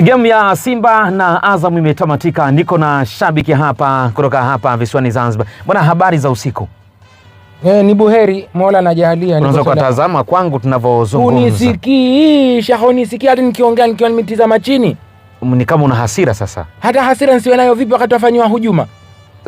gemu ya Simba na Azam imetamatika. Niko na shabiki hapa kutoka hapa visiwani Zanzibar. Bwana, habari za usiku? E, ni buheri, Mola anajalia. Unaweza kutazama kwangu tunavyozungumza. Unisikii shaho, unisikii hata nikiongea, nikiwa nimetizama chini. Ni kama una hasira sasa. Hata hasira nisiwe nayo vipi wakati wafanyiwa hujuma?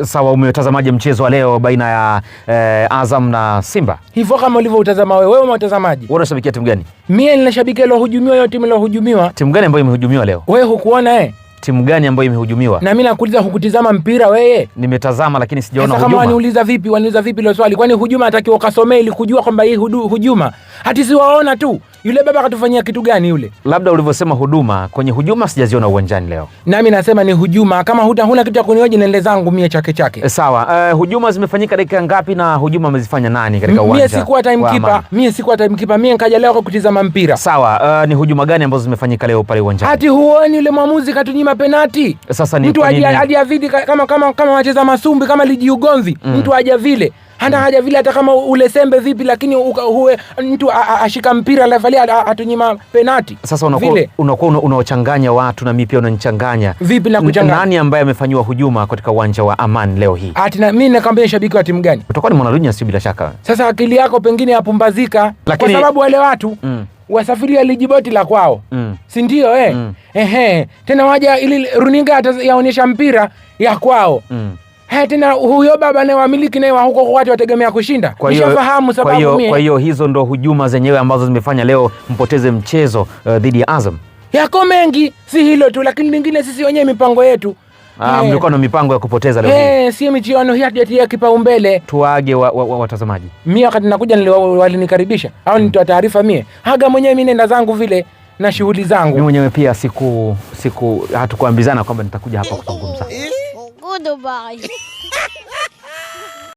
Sawa, umetazamaje mchezo wa leo baina ya eh, Azam na Simba? Hivyo kama ulivyoutazama wewe, wewe umetazamaji. Wewe unashabikia timu gani? Mimi ninashabikia ile hujumiwa, hiyo timu ile hujumiwa. Timu gani ambayo imehujumiwa leo? Wewe hukuona eh? Timu gani ambayo imehujumiwa? Na mimi nakuuliza, hukutizama mpira wewe? Nimetazama lakini sijaona hujuma. Kama waniuliza vipi, waniuliza vipi ile swali? Kwani hujuma atakiwa ukasomee ili kujua kwamba hii hujuma? hatisiwaona tu yule baba katufanyia kitu gani yule? Labda ulivyosema huduma kwenye hujuma sijaziona uwanjani leo. Nami nasema ni hujuma, kama huta huna kitu cha kunioje nende zangu mie chake chake. E, sawa. E, hujuma zimefanyika dakika ngapi na hujuma amezifanya nani katika uwanja? Mie sikuwa timekeeper, mie sikuwa timekeeper, mie nkaja leo kutizama mpira. Sawa. E, ni hujuma gani ambazo zimefanyika leo pale uwanjani? Hati huoni yule mwamuzi katunyima penati? Sasa ni mtu hadi vidi kama kama kama wacheza masumbi kama liji mm. mtu mm. vile hana haja vile, hata kama ule sembe vipi, lakini uwe mtu ashika mpira lafalia atunyima penati. Sasa unakuwa unaochanganya watu, na mimi pia unanichanganya vipi na kuchanganya. Nani ambaye amefanyiwa hujuma katika uwanja wa Aman leo hii? Ati na mimi shabiki wa timu gani? Utakuwa ni mwanadunia, sio? Bila shaka. Sasa akili yako pengine yapumbazika, lakini kwa sababu wale watu mm wasafiria lijiboti la kwao mm. si ndio eh? mm. Ehe, tena waja ili runinga yaonyesha mpira ya kwao mm. Haya tena, huyo baba naye wamiliki naye wa huko watu wategemea kushinda. Nishafahamu sababu mimi. Kwa hiyo hizo ndo hujuma zenyewe ambazo zimefanya leo mpoteze mchezo uh, dhidi ya Azam. Yako mengi, si hilo tu, lakini lingine sisi wenyewe mipango yetu Ah, eh. Mlikuwa na mipango ya kupoteza leo Eh, si michuano hii hatujatia kipaumbele. Tuwaage wa, wa, wa, watazamaji. Mimi wakati nakuja walinikaribisha au nitoa mm. taarifa mie haga mwenyewe, mimi nenda zangu vile na shughuli zangu mimi mwenyewe pia siku, siku hatukuambizana kwamba nitakuja hapa kuzungumza do boy.